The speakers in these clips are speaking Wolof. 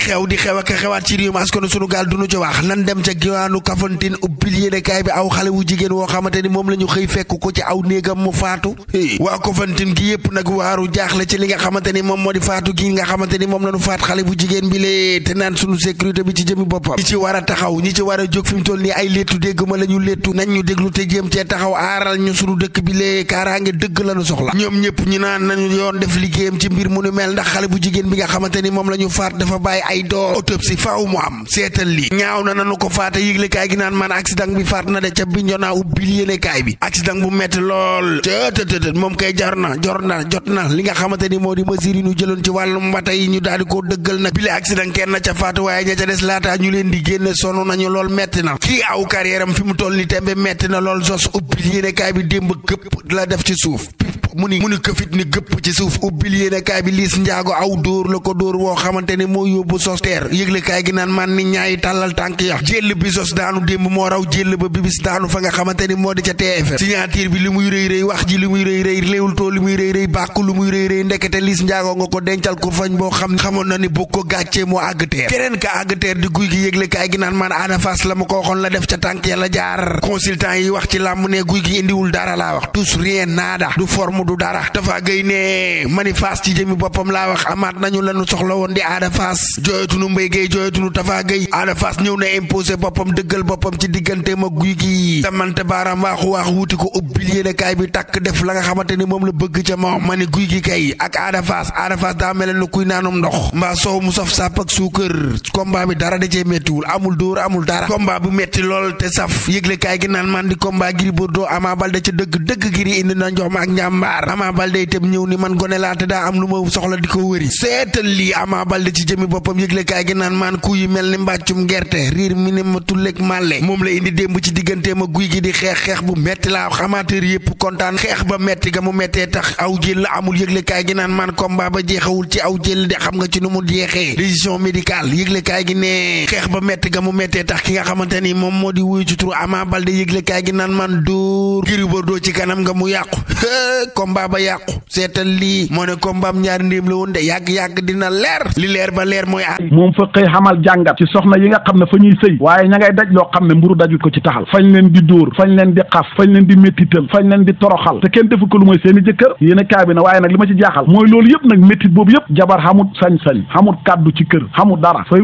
xew di xew ak xewaat ci réew mi sunu gaal du nu ci wax nan dem ca giwaanu Kafountine ubbil yéenekaay bi aw xale wu jigéen woo xamante ni moom la ñu xëy fekk ko ci aw néegam mu faatu waa Kafountine gi yëpp nag waaru jaaxle ci li nga xamante ni moom moo di faatu gi nga xamante ni moom la ñu faat xale bu jigéen bi lee te naan sunu sécurité bi ci jëmi a taxaw ñi a jóg fi mu toll nii ay léttu la ñu léttu nañ ñu déglu te jéem cee taxaw aaral ñu sunu dëkk bi lee kaaraange dëgg la ñu soxla ñoom ñëpp ñu naan nañu yoon def liggéeyam ci mbir mu nu mel ndax xale bu jigéen ay doom autopsie faa mu am seetal lii ñaaw na nanu ko faata yëglekaay gi naan man accident bi faat na de ca Bignona ubbil yéenekaay bi accident bu metti lool tëtëtëtët moom kay jar na jor na jot na li nga xamante ni moo di ma mesure yi ñu jëloon ci wàllum wata yi ñu daal di koo dëggal nag bile accident kenn na ca faatu waaye ña ca des laata ñu leen di génne sonn nañu lool metti na kii aw carrière fi mu toll ni tembe metti na lool sos ubbil yéenekaay bi démb këpp la def ci suuf bopp mu ni mu ni këfit ni gëpp ci suuf ubbil yéenekaay bi liis njaago aw dóor la ko dóor woo xamante ne moo yóbbu sos teer yëglekaay gi naan man ni ñaayi tàllal tànk ya jéll bi sos daanu démb moo raw jéll ba bi bis daanu fa nga xamante ni moo di ca TFM signature bi li muy rëy rëy wax ji li muy rëy rëy léewul too li muy rëy rëy bàkku lu muy rëy rëy ndekete liis njaago nga ko dencal kur fañ boo xam xamoon na ni bu ko gàccee moo àgg teer guy gi yëglekaay gi naan man Ada Fass la ma ko waxoon la def ca tànk ya la jaar consultant yi wax ci làmm ne guy gi indiwul dara laa wax tus rien nada du forme du dara dafa gay mani faas ci jëmi boppam laa wax amaat nañu lanu soxla woon di aada faas jooyatunu mbéygéey jooyatunu tafa gay aada faas ñëw na imposé boppam dëggal boppam ci diggante ma guy gi samante baaraam waaxu waax wuti ko ubbil yéenekaay bi tàkk def la nga xamante ni moom la bëgg ca moom ma ni guy gi kay ak aada faas aada faas daa mel ne kuy naanum ndox mbaa soow mu saf sàpp ak suukar combat bi dara da cee méttiwul amul dóor amul dara combat bu metti lool te saf yëglekaay gi naan man di combat Gris Bordeaux Ama Dakar Ama Baldé itam ñëw ni man gone laa te daa am lu ma soxla di ko wëri seetal lii Ama Baldé ci jëmi boppam yëglekaay gi naan maan ku mel ni mbàccum gerte riir mi ne ma tulleeg màlle moom la indi démb ci diggante ma guy gi di xeex xeex bu metti laa amateur yëpp kontaan xeex ba metti ga mu mettee tax aw jël la amul yëglekaay gi naan maan combat ba jeexawul ci aw jël de xam nga ci nu mu jeexee décision médicale yëglekaay gi nee xeex ba metti ga mu mettee tax ki nga xamante ni moom moo di wuyu ci turu Ama Baldé yëglekaay gi naan maan dóor Gris Bordeaux ci kanam nga mu yàqu combat ba yàqu seetal lii moo ne combat am ñaari ndim la de yàgg-yàgg dina leer li leer ba leer mooy ah moom fa xëy xamal jàngat ci soxna yi nga xam ne fa ñuy sëy waaye ña ngay daj loo xam ne mburu dajut ko ci taxal fañ leen di dóor fañ leen di xaf fañ leen di méttital fañ leen di toroxal te kenn defu ko lu mooy seen i jëkkër yéen a kaay bi na waaye nag li ma ci jaaxal mooy loolu yëpp nag méttit boobu yëpp jabar xamut sañ-sañ xamut kàddu ci kër xamut dara fay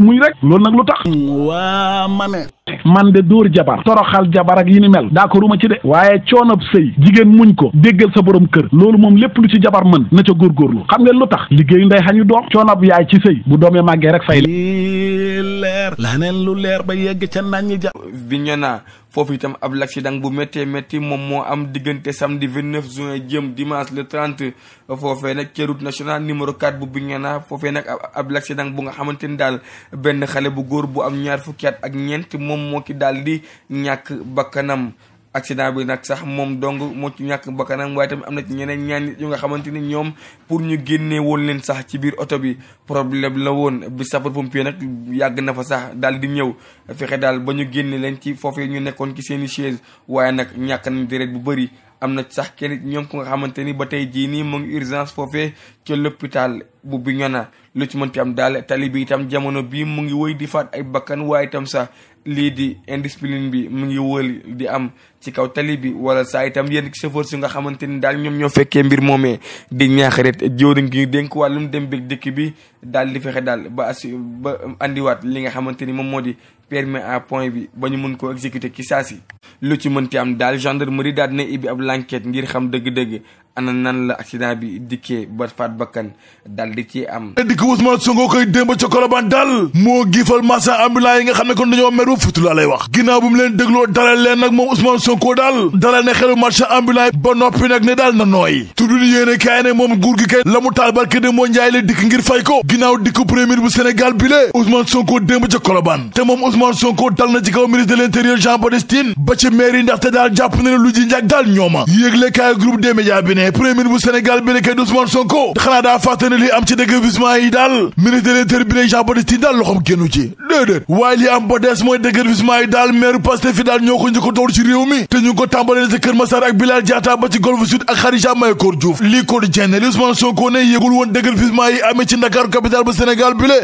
ma man de dóor jabar toroxal jabar ak yi ni mel daa ko ruma ci de waaye coonob sëy jigéen muñ ko déggal sa boroom kër loolu moom lépp lu ci jabar mën na ca góorgóorlu xam ngeen lu tax liggéey nday xañu doom coonob yaay ci sëy bu doomee màggee rek fay leer la laneen lu leer ba yegg ca nañ ja bi naa foofu itam ab l'accident bu méttee métti moom moo am diggante samedi 29 juin jëm dimanche le 30 foofee nag ci route nationale numéro 4 bu Bignona foofee nag ab l'accident bu nga xamante ni daal benn xale bu góor bu am ñaar fukki ak ñeent moom moo ki daal di ñàkk bakkanam accident bi nag sax moom dong moo ci ñàkk bakkanam waaye tamit am na ci ñeneen ñaan nit nga xamante ni ñoom pour ñu génnee woon sax ci biir oto bi problème la woon bi sapeur pompier nag yàgg na fa sax daal di ñëw fexe daal ba ñu génne leen ci foofee ñu nekkoon ci seen i chaise waaye nag ñàkk nañ deret bu bëri am na sax kenn ñoom ku nga xamante ni ba tey jii nii mu ngi urgence foofee ca l'hôpital bu Bignona lu ci mënti am daal tali bi itam jamono bii mu ngi wëy di faat ay bakkan waaye itam sax lii di indiscipline bi mu ngi wëli di am ci kaw tali bi wala saa itam yenn chauffeur si nga xamante ni daal ñoom ñoo fekkee mbir moome di ñaax ret jëwriñ gi dénk wàllum dem beeg dikk bi daal di fexe daal ba assi ba andiwaat li nga xamante ni moom moo di permis à point bi ba ñu mun koo exécuter ki saa si lu ci mën mënti am daal gendre gendarmerie daal dina ibbi ab l'enquête ngir xam dëgg-dëgg ana nan la accident bi dikkee ba faat bakkan dal di ci am dikk Ousmane Sonko koy démb ca Colobane dal moo giifal marchand ambulant yi nga xam ne kon dañoo mer ba futu wax ginnaaw bu mu leen dégloo dalal leen nag moom Ousmane Sonko daal dalal ne xelu marchand ambulant ba noppi nag ne daal na nooy tuddul yéene kaay ne moom nguur gi kay la mu taal barke de moo njaay dikk ngir fay ko ginnaaw dikk premier bu Sénégal bi lee Sonko démb ca Colobane te moom Ousmane na ci kaw ministre de l'intérieur Jean Baptiste Tine ba ci maire yi ndaxte daal jàpp na ne lu ji njàk daal ñooma yéegle mais premier ministre bu Sénégal bi nekkee Ousmane Sonko xanaa daa fàtte ne am ci déguerpissement yi daal ministre de l'Intérieur Jean Baptiste Tine daal loxoom génnu ci déedéet waaye li am ba des mooy déguerpissement yi daal maire Pastef fi daal ñoo ko njëkk a door ci réew mi te ñu ngi ko tàmbalee ci Kër Massar ak Bilal Diatta ba ci Golf Sud ak Khadija Mahécor Diouf lii ko li bi le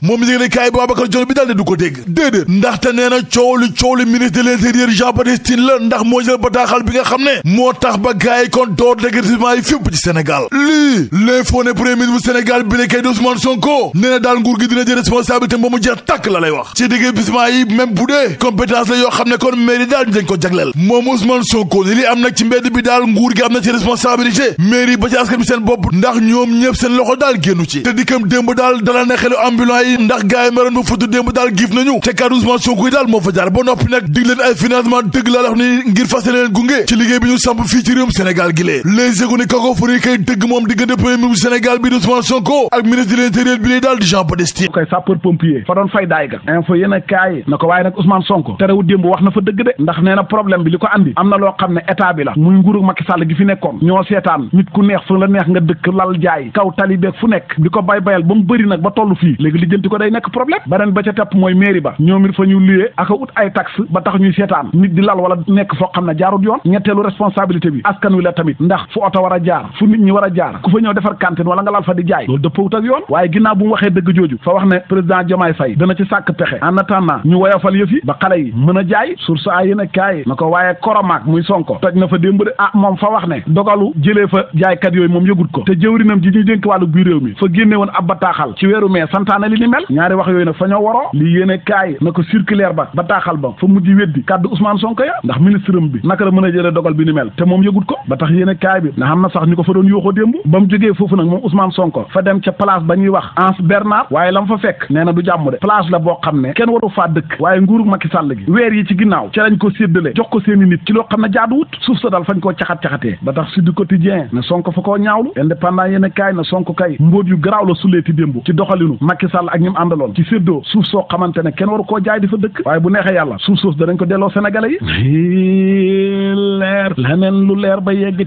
moom ne ko dégg déedéet ndaxte nee na coow li coow li ministre de Jean Baptiste Tine la ndax moo jël bataaxal bi ba gaay fépp ci Sénégal lii l'info ne premier ministre Sénégal bi kay di Ousmane Sonko nee na daal nguur gi dina jël responsabilité ba mu jeex tàkk la lay wax ci digg bisment yi même bu dee compétence la yoo xam ne kon mairie daal dañ ko jagleel moom Ousmane Sonko ni am nag ci mbedd bi daal nguur gi am na ci responsabilité mairie ba ci askan bi seen bopp ndax ñoom ñëpp seen loxo daal génnu ci te dikkam démb daal dala na xelu ambulant yi ndax gars bu futu démb daal giif nañu coffre yi kay dëgg moom diggante premier ministre Sénégal bi Ousmane Sonko ak ministre de l'intérieur bi lay daal di Jean Baptiste koy sapeur pompier fa doon fay daay ga info yéen a kaay na ko waaye nag Ousmane Sonko terewul démb wax na fa dëgg de ndax nee na problème bi li ko andi am na loo xam ne état bi la muy nguuru Macky Sall gi fi nekkoon ñoo seetaan nit ku neex fu la neex nga dëkk lal jaay kaw tali beeg fu nekk di ko bay bayal ba mu bëri nag ba toll fii léegi li jënti ko day nekk problème beneen ba ca tepp mooy mairie ba ñoom it fa ñu luyee seetaan nit di lal wala nekk foo xam ne jaarut yoon ñetteelu responsabilité bi askan wi la tamit ndax jaar fu nit ñi war a jaar ku fa ñëw defar cantine wala nga laal fa di jaay loolu dëppoowut yoon waaye ginnaaw bu mu waxee dëgg jooju fa wax ne président Diomaye Faye dana ci sàkk pexe en attendant ñu woyofal yëf yi ba xale yi mën a jaay source a a kaay na ko waaye koromaak muy sonko toj na fa démb de ah moom fa wax ne dogalu jëlee fa jaaykat yooyu moom yëgut ko te jëwrinam ji ñu dénk wàllu biir réew mi fa génne woon ab bataaxal ci weeru mai santaane li a sax ñu ko fa doon yooxoo démb ba mu jógee foofu nag moom Ousmane Sonko fa dem ca place ba ñuy wax Anse Bernard waaye la mu fa fekk nee du jàmm de place la boo xam ne kenn waru faa dëkk waaye nguuru Macky Sall gi weer yi ci ginnaaw ca lañ ko séddale jox ko seeni nit ci loo xam ne jaaduwut suuf sa daal fañ koo caxat-caxatee ba tax Sud Quotidien ne Sonko fa koo ñaawlu indépendant yéen kaay na kay mbóot yu garaaw la suleeti démb ci doxalinu Macky Sall ba yegg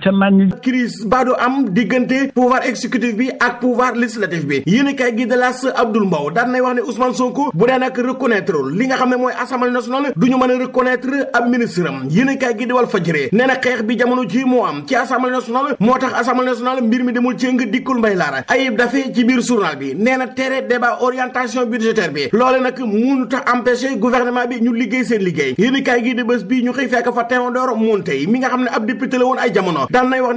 gis baadu am diggante pouvoir exécutif bi ak pouvoir législatif bi yéen i kayi gi de las Abdoul Mbow daan nay wax ne Ousmane Sonko bu dee nag reconnaître li nga xam ne mooy assemblée nationale du ñu mën a reconnaître ab ministre am yéen i kayi gi di Walf Fadjri xeex bi jamono ji moo am ci assemblée nationale moo tax assemblée nationale mbir mi demul cëng dikkul mbay laara ayib dafee ci biir journal bi nee na tere débat orientation budgétaire bi loole nag mënut a empêcher bi ñu liggéey seen liggéey yéen i kayi gi di bés bi ñu xëy mi nga xam ne ab député ay jamono daan nay wax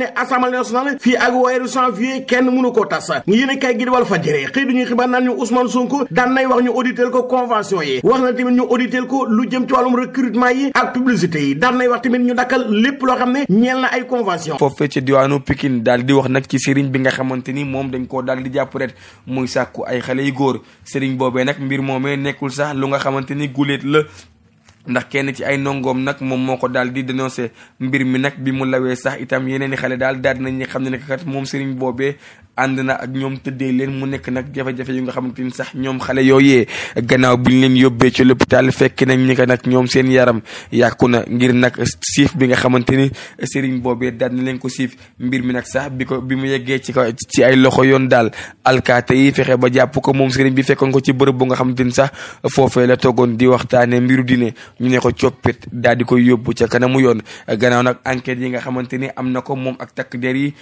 nationale fii ak weeru janvier kenn mënu koo tas yéen a kaay gi di Walf Fadjri xëy duñu xibaar naan ñu Ousmane Sonko daan nay wax ñu auditel ko convention yi wax na tamit ñu auditel lu jëm ci wàllum recrutement yi ak publicité yi daan nay wax tamit ñu dakkal lépp loo xam ne ñeel na ay convention foofu ci diwaanu Pikine daal di wax nag ci sëriñ bi nga xamante ni moom dañ koo daal di jàpp ret muy sàkku ay xale yu góor sëriñ boobee nag mbir moomee nekkul sax lu nga xamante ni guléet la ndax kenn ci ay ndongoom nag moom moo ko daal di dénoncé mbir mi nag bi mu lawee sax itam yeneen i xale daal daal dinañ xam ne kat moom sëriñ boobee ànd na ak ñoom tëddee leen mu nekk nag jafe-jafe nga xamante ni sax ñoom xale yooyee gannaaw bu leen yóbbee ci l'hôpital fekk nañ ni que nag ñoom seen yaram yàqu na ngir nag siif bi nga xamante ni sëriñ boobee daal na leen ko siif mbir mi nag sax bi ko bi mu yeggee ci ko ci ay loxo yoon daal alkaate yi fexe ba jàpp ko moom sëriñ bi fekkoon ko ci bërëb bu nga xamante ni sax foofee la toogoon di waxtaane mbiru dine ñu ne ko coppit daal di koy yóbbu ca kanamu yoon gannaaw nag enquête yi nga xamante ni am na ko moom ak takk der yi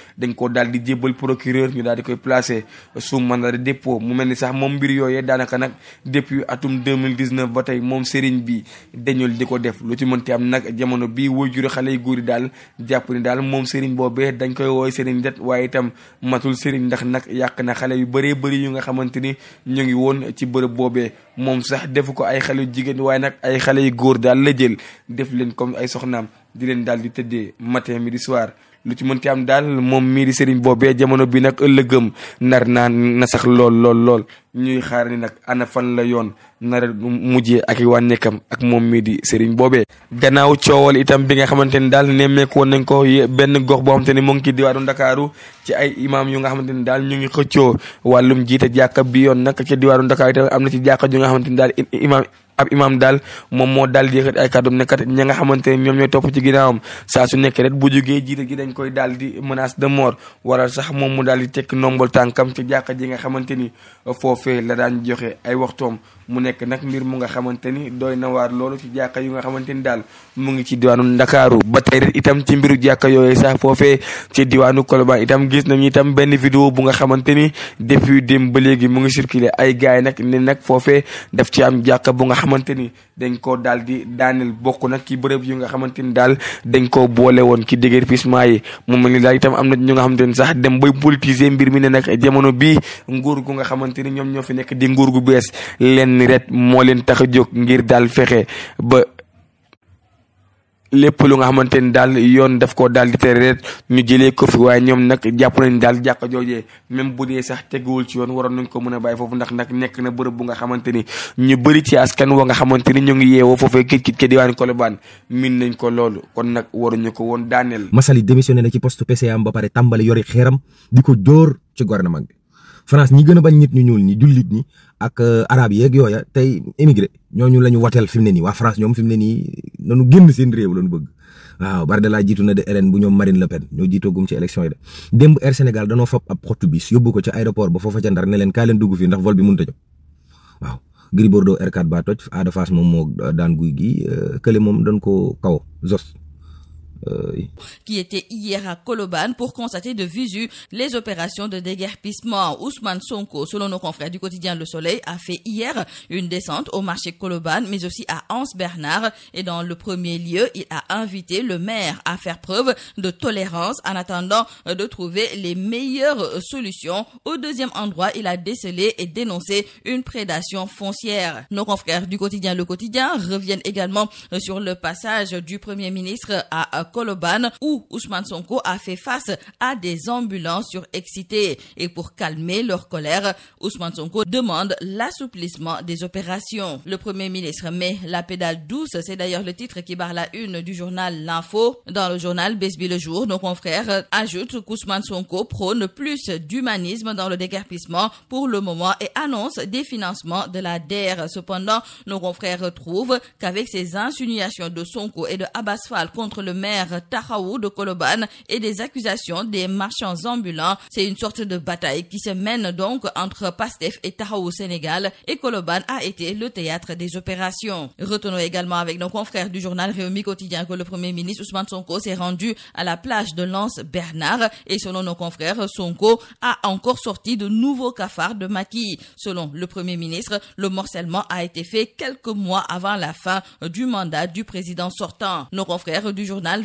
dañ daal di koy placé sous mandat de dépôt mu mel ni sax moom mbir yooyee daanaka nag depuis atum 2019 ba tey moom sëriñ bi dañul di ko def lu ci mënti am nag jamono bii wajuri xale yu góor yi daal jàpp ni daal moom sëriñ boobee dañ koy wooy sëriñ det waaye itam matul sëriñ ndax nag yàq na xale yu bëree bëri yu nga xamante ni ñu ngi woon ci bërëb boobee moom sax defu ko ay xale jigéen waaye nag ay xale yu góor daal la jël def leen comme ay soxnaam di leen daal di tëddee matin midi soir lu ci mën ci am daal moom mii di sëriñ boobee jamono bi nag ëllëgëm nar naa na sax lool lool lool ñuy xaar ni nag ana fan la yoon nara mujjee ak i wàññeekam ak moom mii di sëriñ boobee. gannaaw coowal itam bi nga xamante ni daal nemmeeku woon nañ ko benn gox boo xamante ni mu ngi ci diwaanu ndakaaru ci ay imaam yu nga xamante ni daal ñu ngi xëccoo wàllum jiite jàkka bi yoon nak ci diwaanu ndakaaru itam am na ci jàkka ju nga xamante ni daal imaam. ab imaam daal moom moo daal di yëkkati ay kàddoom nekkat ña nga xamante ne ñoom ñooy topp ci ginnaawam saa su nekkee rek bu jógee jiite gi dañ koy dal di menace de moor wala sax moom mu daal di tekki ndombol tànkam ci jàkka ji nga xamante ni foofee la daan joxe ay waxtoom mu nekk nag mbir mu nga xamante ni doy na waar loolu ci jàkka nga xamante ni daal mu ngi ci diwaanu Ndakaaru ba itam ci mbiru jàkka yooyu sax foofe ci diwaanu Colobane itam gis nañu itam benn vidéo bu nga xamante ni depuis démb ba léegi mu ngi circulé ay gars yi nag ne nag foofee daf ci am jàkka bu nga xamante ni dañ koo daal di daaneel bokk nag ci bërëb yu nga xamante ni daal dañ koo boole woon ci déguerpissement yi mu mel ni daal itam am na ñu nga xamante ni sax dem bay politiser mbir mi ne nag jamono bii nguur gu nga xamante ni ñoom ñoo fi nekk di nguur gu bees leen ni ret moo leen tax a jóg ngir daal fexe ba lépp lu nga xamante ni daal yoon def ko daal di tere ret ñu jëlee ko fi waaye ñoom nag jàpp nañ daal jàkka joojee même bu dee sax teguwul ci yoon waroon nañ ko mën a bàyyi foofu ndax nag nekk na bërëb bu nga xamante ni ñu bëri ci askan wa nga xamante ni ñu ngi yeewoo foofee kit kit ke diwaan Colobane min nañ ko loolu kon nag ñu ko woon daaneel Massaly démissionné na ci poste PCA am ba pare tàmbali yori xeeram di ko dóor ci gouvernement bi France ñi gën ba bañ nit ñu ñuul ñi jullit ñi ak euh, arab yeeg yooya tey émigré ñooñu la ñu wateel fi mu ne nii waa France ñoom fi mu ne nii nanu génn seen réew lañu bëgg waaw Bardella jiitu na de bu ñoom Marine Le Pen ñoo jiitoogum ci élection yi de démb Air Sénégal danoo fab ab xottu yóbbu ko ci aéroport ba foofa ca Ndar ne leen kaay leen dugg fii ndax vol bi mënut a jóg waaw Gris Bordeaux r ba toj Ada Fass moom moo daan guy gi euh, kële moom dañ ko Euh, qui était hier à Colobane pour constater de visu les opérations de déguerpissement. Ousmane Sonko, selon nos confrères du quotidien Le Soleil, a fait hier une descente au marché Colobane, mais aussi à Anse Bernard. Et dans le premier lieu, il a invité le maire à faire preuve de tolérance en attendant de trouver les meilleures solutions. Au deuxième endroit, il a décelé et dénoncé une prédation foncière. Nos confrères du quotidien Le Quotidien reviennent également Colobane où Ousmane Sonko a fait face à des ambulants surexcités. Et pour calmer leur colère, Ousmane Sonko demande l'assouplissement des opérations. Le Premier ministre met la pédale douce, c'est d'ailleurs le titre qui barre la une du journal L'Info. Dans le journal Bës Bi Le Jour, nos confrères ajoutent qu'Ousmane Sonko prône plus d'humanisme dans le déguerpissement pour le moment et annonce des financements de la DER. Cependant, nos confrères trouvent maire Tahaou de Colobane et des accusations des marchands ambulants. C'est une sorte de bataille qui se mène donc entre Pastef et Tahaou Sénégal et Colobane a été le théâtre des opérations. Retenons également avec nos confrères du journal Rewmi Quotidien que le Premier ministre Ousmane Sonko s'est rendu à la plage de Lance Bernard et selon nos confrères, Sonko a encore sorti de nouveaux cafards de maquis. Selon le Premier ministre, le morcellement a été fait quelques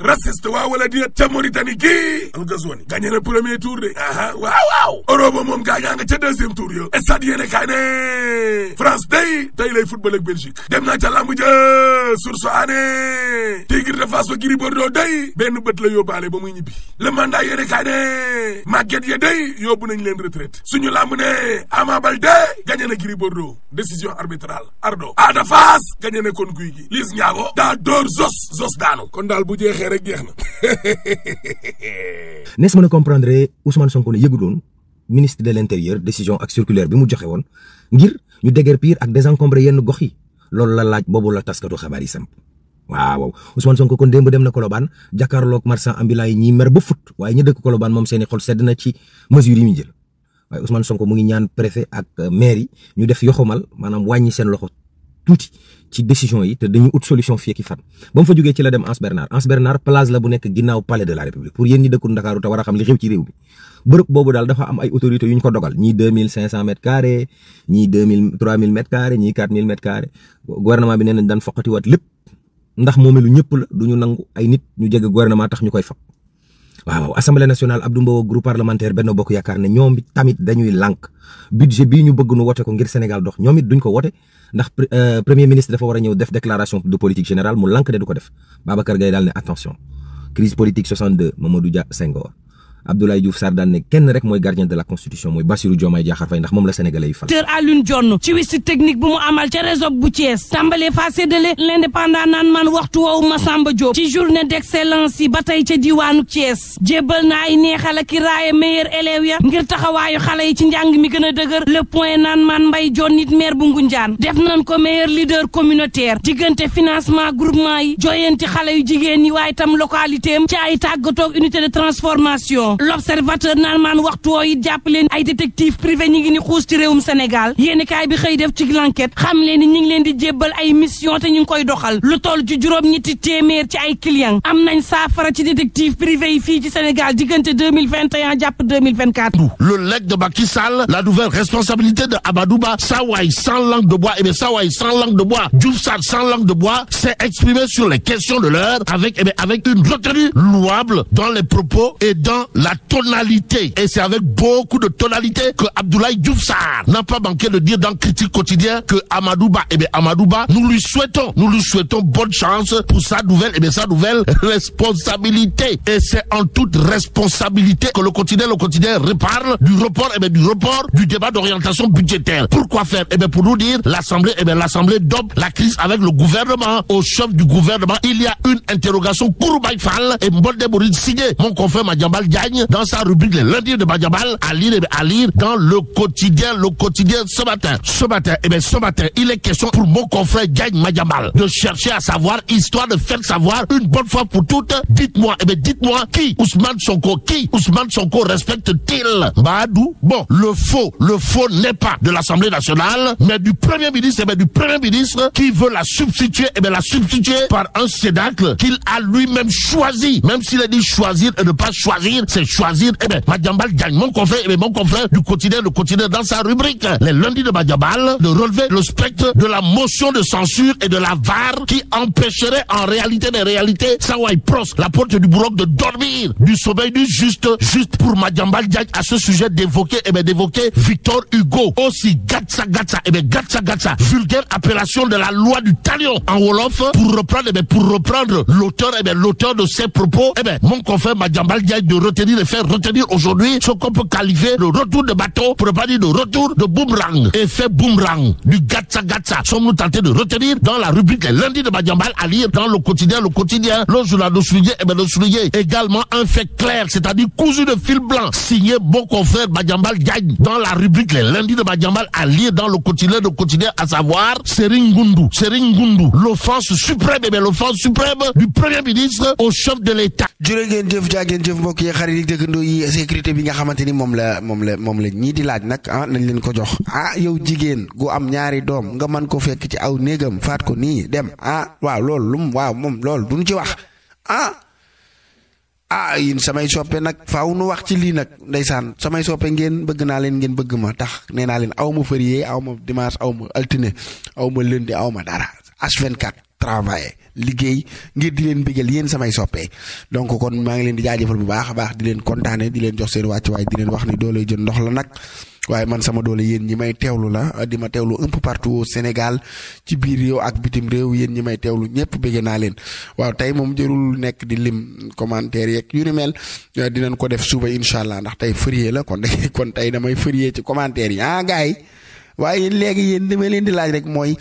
raciste waa wala déet ca Mauritanie gii al Ghazouani gagné na premier tour de aha waaw waaw Europe moom gaa ñaa ca deuxième tour yo stade yéene kaay France day tey lay ak Belgique dem naa ca lamb ja source aane Tigre de Fass ba Gris Bordeaux day benn bët la yóbbaale ba muy ñibbi le mandat yéene kaay ne màgget ya day yóbbu nañ leen retraite suñu lamb ne Ama Baldé gagné na Gris Bordeaux décision arbitrale ardo Ada Fass gagné na kon guy gi Liss daa dóor zos zos daanu rek jeex na. nees mën a comprendre Ousmane Sonko ne yëguloon ministre de l' intérieur décision ak circulaire bi mu joxe woon ngir ñu déguerpir ak désencombré yenn gox yi loolu la laaj boobu la taskatu xabaar yi samp waaw Ousmane Sonko kon démb dem na Colobane jàkkaarloog marchand ambulant yi ñi mer ba fut waaye ñu dëkk Colobane moom seen i xol sedd na ci mesures yi ñu jël waaye Ousmane Sonko mu ngi ñaan préfet ak maire yi ñu def yoxamal maanaam wàññi seen loxo tuuti ci décision yi te dañuy ut solution fii ak i fan ba mu fa jógee ci la dem Anse Bernard Anse la bu nekk ginnaaw palais de la république pour yéen ñi dëkkul Ndakaaru te war a xam li xew ci réew mi bërëb boobu daal dafa am ay autorités yu ñu ko dogal ñii deux mille cinq cent mètres carrés ñii deux mille trois mille mètres carrés ñii quatre mille mètres carrés gouvernement bi nee nañ daan foqatiwaat lépp ndax moomeelu ñëpp la du ñu nangu ay nit ñu jege gouvernement tax ñu koy fab waaw assemblée nationale Abdou Mbow groupe parlementaire Benno Bokk Yaakaar ne ñoom tamit dañuy lànk budget bii ñu bëgg nu wote ko ngir Sénégal dox ñoom it duñ ko wote ndax euh, premier ministre dafa war a ñëw def déclaration de politique générale mu lànk ne du ko def Babacar Gaye daal ne attention crise politique 62 Mamadou Dia Senghor Abdoulaye Diouf Sarr daan kenn rek mooy gardien de la constitution mooy Bassirou Diomaye Diakhar Faye ndax moom la sénégalais yi fal. Docteur Alioune Dione ci visite technique bu mu amal ca réseau bu Thiès tàmbalee faa séddale l'indépendant naan man waxtu woowu Massamba Diop ci journée d'excellence yi ba tey ca diwaanu Thiès jébbal na ay neexal ak i raaye meilleur élève ya ngir taxawaayu xale yi ci njàng mi gën a dëgër le point naan man Mbaye Dione nit maire bu Ngunjaan def nañ ko meilleur leader communautaire diggante financement groupement yi joyanti xale yu jigéen yi waaye tam localité am ci ay tàggatoog unité de transformation prison l'observateur naan maan waxtu woo it jàpp leen ay détective privé ñi ngi ni xuus ci réewum Sénégal yéeni kaay bi xëy def ci l'enquête xam leen ni ñi ngi leen di jébbal ay mission te ñu ngi koy doxal lu toll ci juróom-ñetti téeméer ci ay client am nañ saafara ci détective privé yi fii ci Sénégal diggante deux mille 2024 le legs de Macky Sall la nouvelle responsabilité de Amadou Ba saa waay sans langue de bois eh langue de bois Diouf Sarr sur les questions de l'heure eh la tonalité. Et c'est avec beaucoup de tonalité que Abdoulaye Diouf Sarr n'a pas manqué de dire dans Critique quotidien que Amadouba, eh nous lui souhaitons, nous lui souhaitons bonne chance pour sa nouvelle, eh bien sa nouvelle responsabilité. Et c'est en toute responsabilité que le quotidien, le quotidien reparle du report, eh du débat d'orientation budgétaire. Pourquoi faire Eh pour nous dire, l'Assemblée, eh la crise avec le gouvernement. Au chef a une interrogation Kourbaïfal et Mbolde Bretagne dans sa rubrique Les lundis de Badiabal à lire et à lire dans le quotidien, le quotidien ce matin. Ce matin, eh il est question pour mon confrère Gagne Madiabal de chercher à savoir, histoire de faire savoir une bonne fois pour toutes, dites-moi, et eh dites-moi qui Ousmane Sonko, qui Ousmane Sonko respecte-t-il Badou Bon, le faux, le faux n'est pas de l'Assemblée nationale, mais du Premier ministre, et eh du Premier ministre qui veut la substituer, et la substituer a a c'est choisir. Eh bien, Madjambal Diagne, mon confrère, eh mon confrère du quotidien, le quotidien dans sa rubrique, les lundis de Madjambal, de relever le spectre de la motion de censure et de la qui empêcherait en réalité des réalités Sawai Pros, la porte du bourreau de dormir, du sommeil du juste, pour Madjambal Diagne à ce sujet d'évoquer, eh d'évoquer Victor Hugo, aussi Gatsa Gatsa, eh appellation de la loi du talion en Wolof, pour reprendre, eh l'auteur, eh l'auteur de ses propos, eh bien, mon c'est-à-dire de faire retenir aujourd'hui ce qu'on peut qualifier de retour de bateau, pour ne pas dire de retour de boomerang, effet boomerang, du gatsa gatsa. Sommes-nous tentés de retenir dans la rubrique les lundis de Badiambal à lire dans le quotidien, le quotidien, le journal de et bien de souligner également un fait clair, c'est-à-dire cousu de fil blanc, signé bon confrère Badiambal gagne dans la rubrique les lundis de Badiambal à lire dans le quotidien, le quotidien, ñuy déggandoo yi sécurité bi nga xamante ni moom la moom la moom la ñii di laaj nag ah nañ leen ko jox ah yow jigéen gu am ñaari doom nga man ko fekk ci aw néegam faat ko nii dem ah waaw loolu lum waaw moom loolu duñu ci wax ah ah yéen samay soppe nag faaw nu wax ci lii nag ndeysaan samay soppe ngeen bëgg naa leen ngeen bëgg ma tax nee naa leen aw ma férié aw ma dimanche aw ma altine aw ma lundi aw ma dara H24 travailler liggéey ngir di leen bégal yéen samay soppee donc kon maa ngi leen di jëfal bu baax a baax di leen kontaane di leen jox seen wàcc waaye di leen wax ni doole jën ndox la nag waaye man sama doole yéen ñi may teewlu la di ma teewlu ëpp peu partout Sénégal ci biir réew ak bitim réew yéen ñi may teewlu ñëpp bëgg naa leen waaw tey moom jërul nekk di lim commentaire yeeg yu ni mel euh, dinañ ko def suba incha allah ndax tey férié la kon kon tey damay férié ci commentaire yi ah waaye léegi yéen li ma leen di laaj rek mooy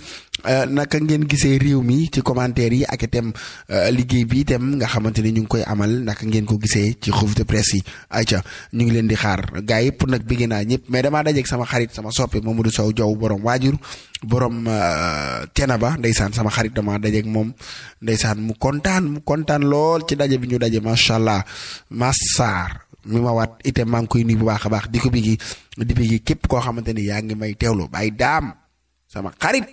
euh, naka ngeen gisee réew mi ci commentaire yi ak itam euh, liggéey bi itam nga xamante ni ñu ngi koy amal naka ngeen ko gisee ci revue de presse yi ayca ñu ngi leen di xaar gars pour nag bëgg naa ñëpp mais damaa dajeeg sama xarit sama soppe Mamadou Sow Diaw borom waajur borom euh, ba ndeysaan sama xarit damaa dajeeg moom ndeysaan mu kontaan mu kontaan lool ci daje bi ñu daje macha allah Massar mi ma waat itam maa ngi koy nuyu bu baax a baax di ko bi bigi di bigi képp koo xamante ni yaa ngi may teewlu bay daam sama xarit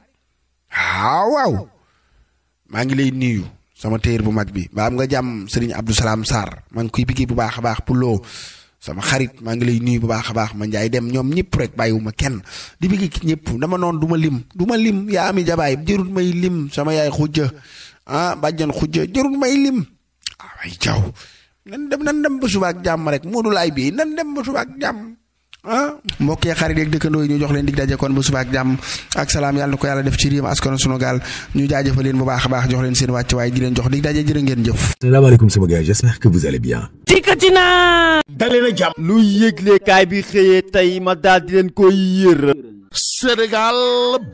waaw waaw maa ngi lay nuyu sama téer bu mag bi ba am nga jàmm sëriñ Abdou Salaam Sarr maa ngi koy bigi baax a baax loo sama xarit maa ngi lay nuyu bu baax a baax ma njaay dem ñoom ñëpp rek ma kenn di bigi ñëpp dama noonu duma lim du ma lim yaa ami jabaay jërul may lim sama yaay xujja ah bàjjan xujja jërul may lim ah way jaw nan dem nan dem ba suba jàmm rek Modou Laye bii nan dem ba suba ak jàmm ah mbokkee xarit yeeg dëkkandoo yi ñu jox leen dig daje kon ba suba jàmm ak salaam yàlla na ko yàlla def ci riim askan sunu gaal ñu jaajëfal leen bu baax a baax jox leen seen wàcc waaye di leen jox dig daje jërë ngeen jëf. salaamaaleykum sama gars j'espère que vous allez bien. tikkatina. dalee na bi tey ma daal di leen koy yër. Sénégal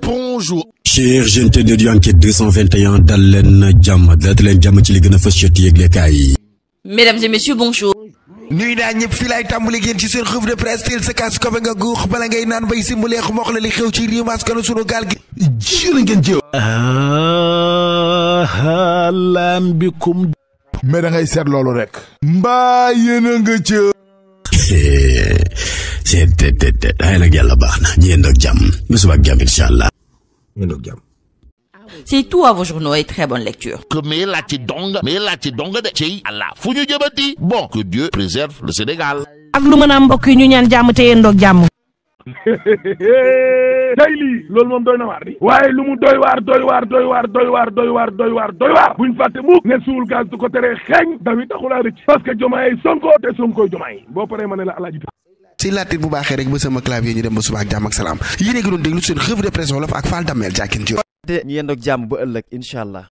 bonjour. cher gente de Enquête 221 dal leen jàmm dal leen jàmm ci li gën a fës ci yëglekaay yi. Mesdames et messieurs, bonjour. ñuy naa ñëpp fii laay tàmbali génn ci seen revue de presse teel sa kaas kofe nga guux bala ngay naan bay si mu leex moox la li xew ci réew mi askanu sunu gaal gi jëla ngeen jëw laan bi kum mais da ngay seet loolu rek mbaa yéen a nga ca seet te te te ay nag yàlla baax na ñu yéen ak jàmm bu subaak jàmm incha allah ñu yéen C'est tout à vos journaux et très bonne lecture. Que mais la tidong, mais la tidong de Tchei Allah. Founou Djabati. Bon, que Dieu préserve le Sénégal. ak lu mën a yi ñu ñaan jàmm te yéen doog jàmm. tey loolu moom doy na waar di waaye lu mu doy waar doy waar doy waar doy waar doy waar doy waar doy waar buñ fàtte mukk ne suul gaz du ko teree xeeñ dawi taxulaa rëcc parce que jomaay sonko te sonkoy jomaay boo paree ma ne la alaaji si a ngi doon te ñu yendoog jàmm ba ëllëg incha allah